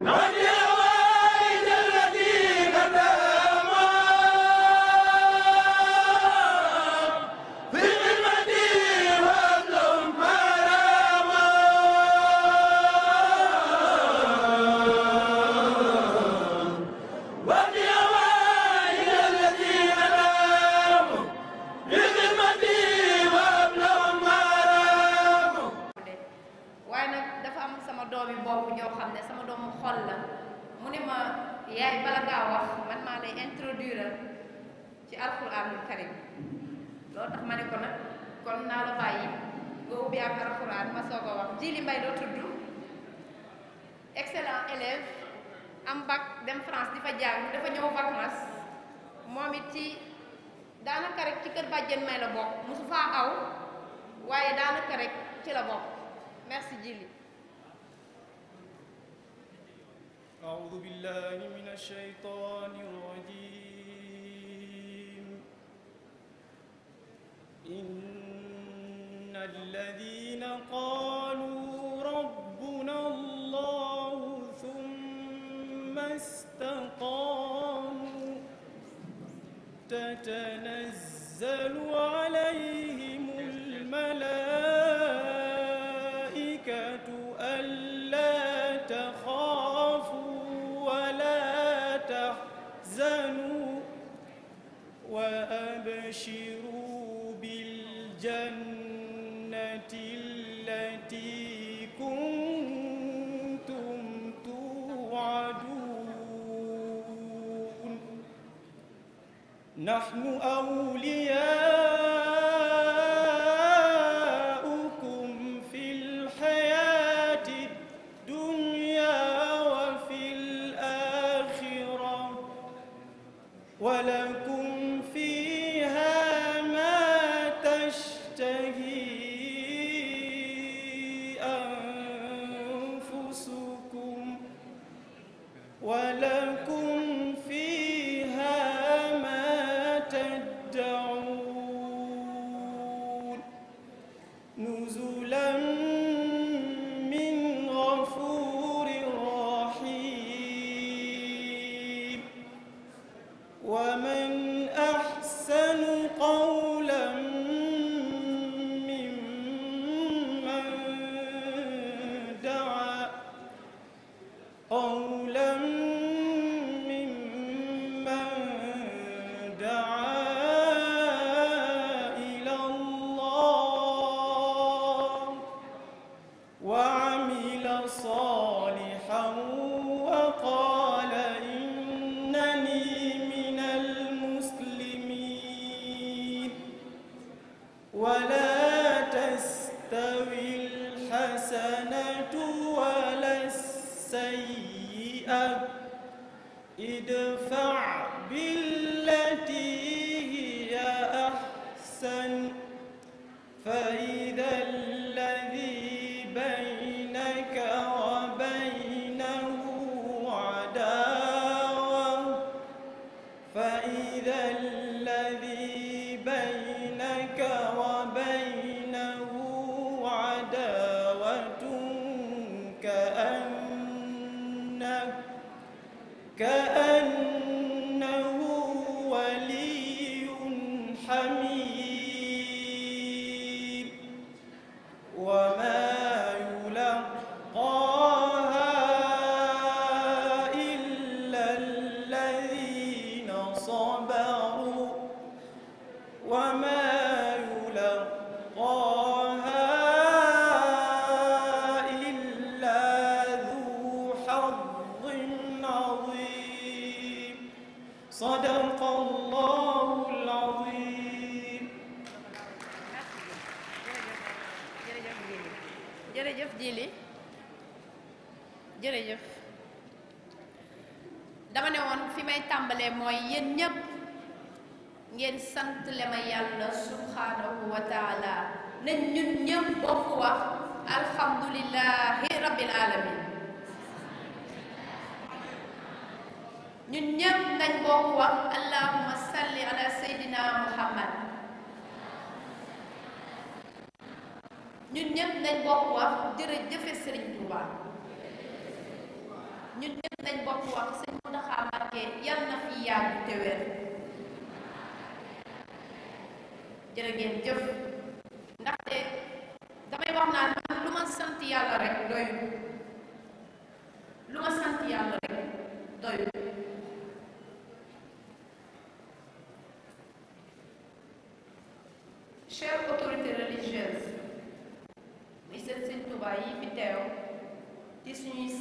Nani! yaay bala ngaa wax man ma lay introduire ci alquranul karim Lo tax mané ko nak kon na la bayyi go ubi ak alquran ma soog wax jili mbay do tuddu excellent élève am bac dem France di jang dafa ñëw bac mas momit ci daanaka rek ci kër bàjjen may la bok musufa faa aw waaye daanaka rek ci la bok merci jili أعوذ بالله من الشيطان الرجيم إن الذين قالوا ربنا الله ثم استقاموا تتنزل عليهم الملائكة فبشروا بالجنة التي كنتم توعدون نحن أولياؤكم وعمل صالحا وقال إنني من المسلمين ولا تستوي الحسنة ولا السيئة ادفع بالتي هي أحسن فإذا صدق الله العظيم jërëjëf Jili jërëjëf dama ne woon fi may tàmbalee mooy yéen ñépp ngeen sant le ma yàlla subhanahu wa taala nañ ñun ñépp bokk wax alhamdulillahi rabbil alamin ñun ñëpp nañ bokk wax allahumma salli ala sayyidina muhammad ñun ñëpp nañ bokk wax jërëjëfe sëriñ Touba ñun ñëpp nañ bokk wax sëñ Mountakha Mbacké yal na fi yàgg te wér ngeen jëf ndaxte damay wax naan lu ma sant yàlla rek doyul lu ma sant yàlla rek doyul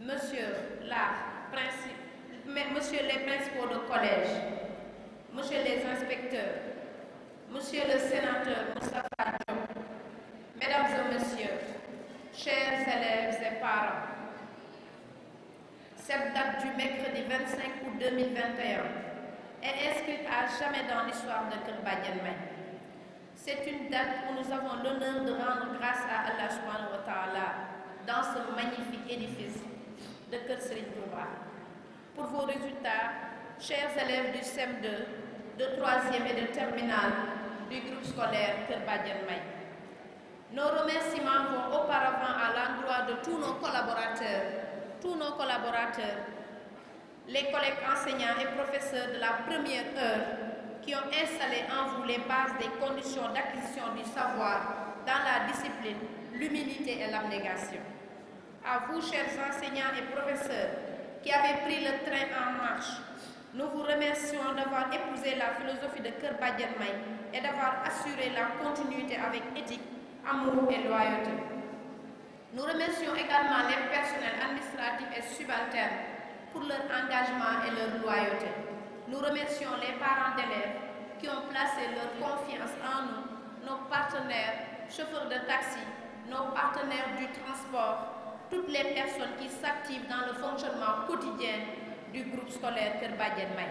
monsieur la principe, monsieur les principaux de collège, monsieur les inspecteurs, monsieur le sénateur Moustapha mesdames et messieurs, chers élèves et parents, cette date du mercredi 25 août 2021 est inscrite à jamais dans l'histoire de C'est une date où nous avons l'honneur de rendre grâce à Allah subhanahu dans ce magnifique édifice de Kër Pour vos résultats, chers élèves du CM2, de 3e et de Terminal du groupe scolaire Kër Nos remerciements vont auparavant à l'endroit de tous nos collaborateurs, tous nos collaborateurs, les collègues enseignants et professeurs de la première heure qui ont installé en vous les bases des conditions d'acquisition du savoir dans la discipline, l'humilité et l'abnégation à vous, chers enseignants et professeurs, qui avez pris le train en marche. Nous vous remercions d'avoir épousé la philosophie de Kerbadermay et d'avoir assuré la continuité avec éthique, amour et loyauté. Nous remercions également les personnels administratifs et subalternes pour leur engagement et leur loyauté. Nous remercions les parents d'élèves qui ont placé leur confiance en nous, nos partenaires, chauffeurs de taxi, nos partenaires du transport, toutes les personnes qui s'activent dans le fonctionnement quotidien du groupe scolaire Kerbadien May.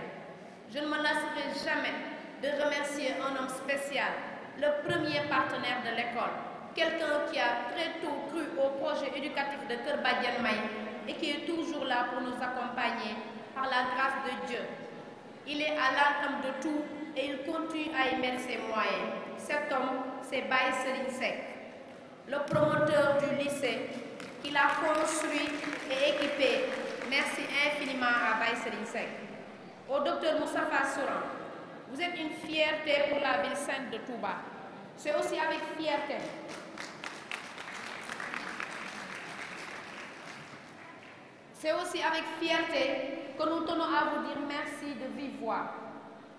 Je ne me lasserai jamais de remercier un homme spécial, le premier partenaire de l'école, quelqu'un qui a très tôt cru au projet éducatif de Kerbadien May et qui est toujours là pour nous accompagner par la grâce de Dieu. Il est à l'âme de tout et il continue à y mettre ses moyens. Cet homme, c'est Baye Serinsek, le promoteur du lycée il a construit et équipé. Merci infiniment à Baye Au docteur Moussafa Souran, vous êtes une fierté pour la ville sainte de Touba. C'est aussi avec fierté C'est aussi avec fierté que nous tenons à vous dire merci de vivre.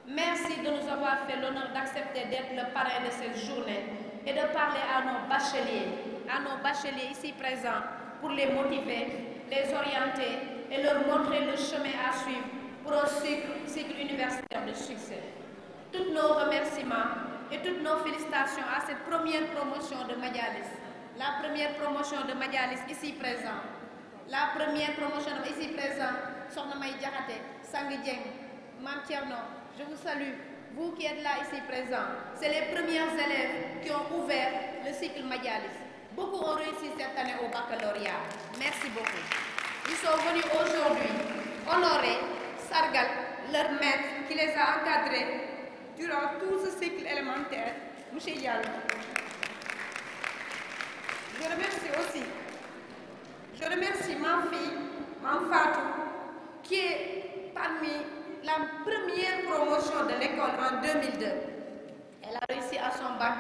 Merci de nous avoir fait l'honneur d'accepter d'être le parrain de cette journée et de parler à nos bacheliers, à nos bacheliers ici présents pour les motiver, les orienter et leur montrer le chemin à suivre pour un cycle, cycle universitaire de succès. Toutes nos remerciements et toutes nos félicitations à cette première promotion de Madialis, la première promotion de Madialis ici présent, la première promotion ici présent, Sornamay Mam je vous salue. Vous qui êtes là ici présent c'est les premiers élèves qui ont ouvert le cycle Madialis. Beaucoup ont réussi cette année au baccalauréat. Merci beaucoup. Ils sont venus aujourd'hui honorer, sargal leur maître qui les a encadrés durant tout ce cycle élémentaire, M. Yal. Je remercie aussi, je remercie ma fille, ma femme, qui est parmi la première promotion de l'école en 2002. Elle a réussi à son bac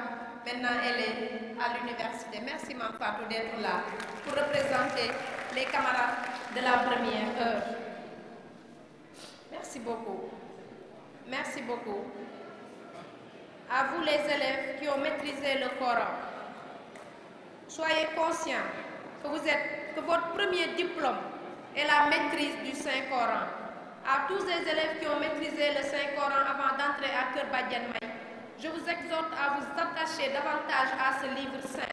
Maintenant, elle est à l'université. Merci, Manfato, d'être là pour représenter les camarades de la première heure. Merci beaucoup. Merci beaucoup. À vous, les élèves qui ont maîtrisé le Coran, soyez conscients que, vous votre premier diplôme est la maîtrise du Saint-Coran. À tous les élèves qui ont maîtrisé le Saint-Coran avant d'entrer à Kerbadian je vous exhorte à vous attacher davantage à ce livre saint,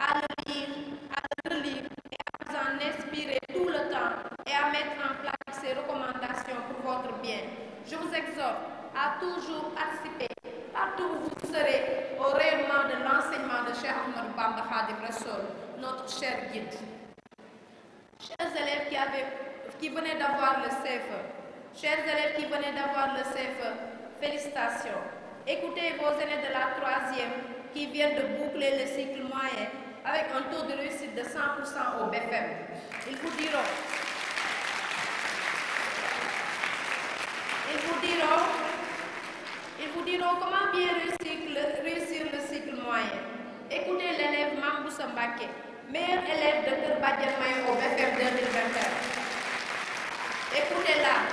à le lire, à le relire et à vous en inspirer tout le temps et à mettre en place ses recommandations pour votre bien. Je vous exhorte à toujours participer partout où vous serez au rayonnement de l'enseignement de Cheikh Omar Bamba Khadim Rassoul, notre cher guide. Chers élèves qui, qui venaient d'avoir le CFE, chers élèves qui venaient d'avoir le CFE, félicitations. Écoutez vos élèves de la troisième qui viennent de boucler le cycle moyen avec un taux de réussite de 100% au BFM. E ils vous diront, ils vous diront, ils vous diront comment bien réussir le, cycle moyen. Écoutez l'élève Mambou Sambake, meilleur élève de Kerbadjan au BFM e 2021. Écoutez-la,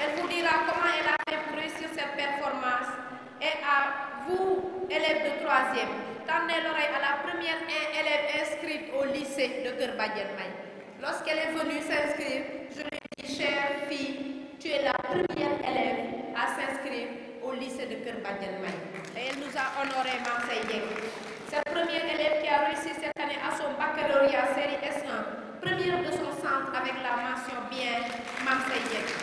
elle vous dira comment elle a fait pour réussir cette performance et à vous, élèves de troisième, tendez l'oreille à la première élève inscrite au lycée de Kerbadienmaï. Lorsqu'elle est venue s'inscrire, je lui ai dit, chère fille, tu es la première élève à s'inscrire au lycée de Kerbadienmaï. Et elle nous a Marseille-Yen. Cette première élève qui a réussi cette année à son baccalauréat série S1, première de son centre avec la mention bien marseillaise.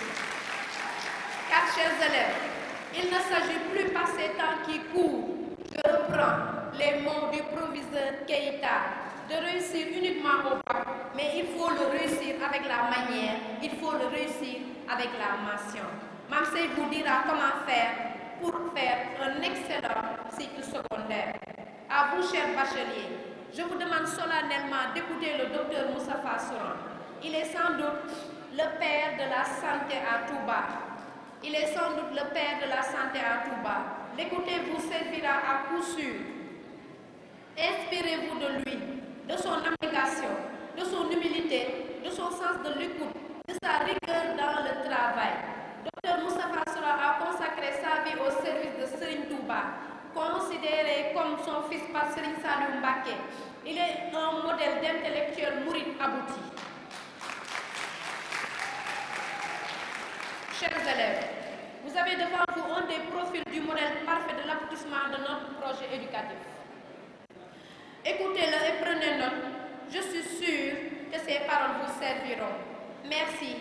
Quatre chers élèves, il ne s'agit plus par ces temps qui courent que reprend les mots du proviseur Keïta, de réussir uniquement au bac, mais il faut le réussir avec la manière, il faut le réussir avec la mention. Marseille vous dira comment faire pour faire un excellent cycle secondaire. À vous, chers bacheliers, je vous demande solennellement d'écouter le docteur Moussa Fassoran. Il est sans doute le père de la santé à Touba, il est sans doute le père de la santé à Touba. L'écouter vous servira à coup sûr. Inspirez-vous de lui, de son application, de son humilité, de son sens de l'écoute, de sa rigueur dans le travail. Docteur Moussa Sora a consacré sa vie au service de Serine Touba, considéré comme son fils par Serine Mbake. Il est un modèle d'intellectuel mouride abouti. Chers élèves, vous avez devant vous un des profils du modèle parfait de l'aboutissement de notre projet éducatif. Écoutez-le et prenez note. Je suis sûre que ces paroles vous serviront. Merci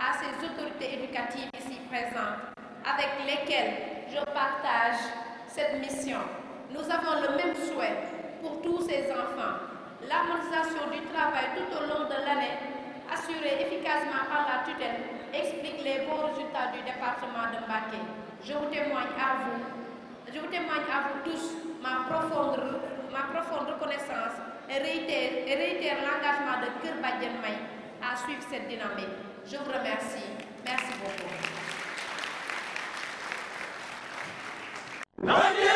à ces autorités éducatives ici présentes avec lesquelles je partage cette mission. Nous avons le même souhait pour tous ces enfants. L'harmonisation du travail tout au long de l'année assurée efficacement par la tutelle, explique les bons résultats du département de Mbaké. Je vous témoigne à vous, je vous témoigne à vous tous ma profonde, ma profonde reconnaissance et réitère, l'engagement de Kër à suivre cette dynamique. Je vous remercie. Merci beaucoup.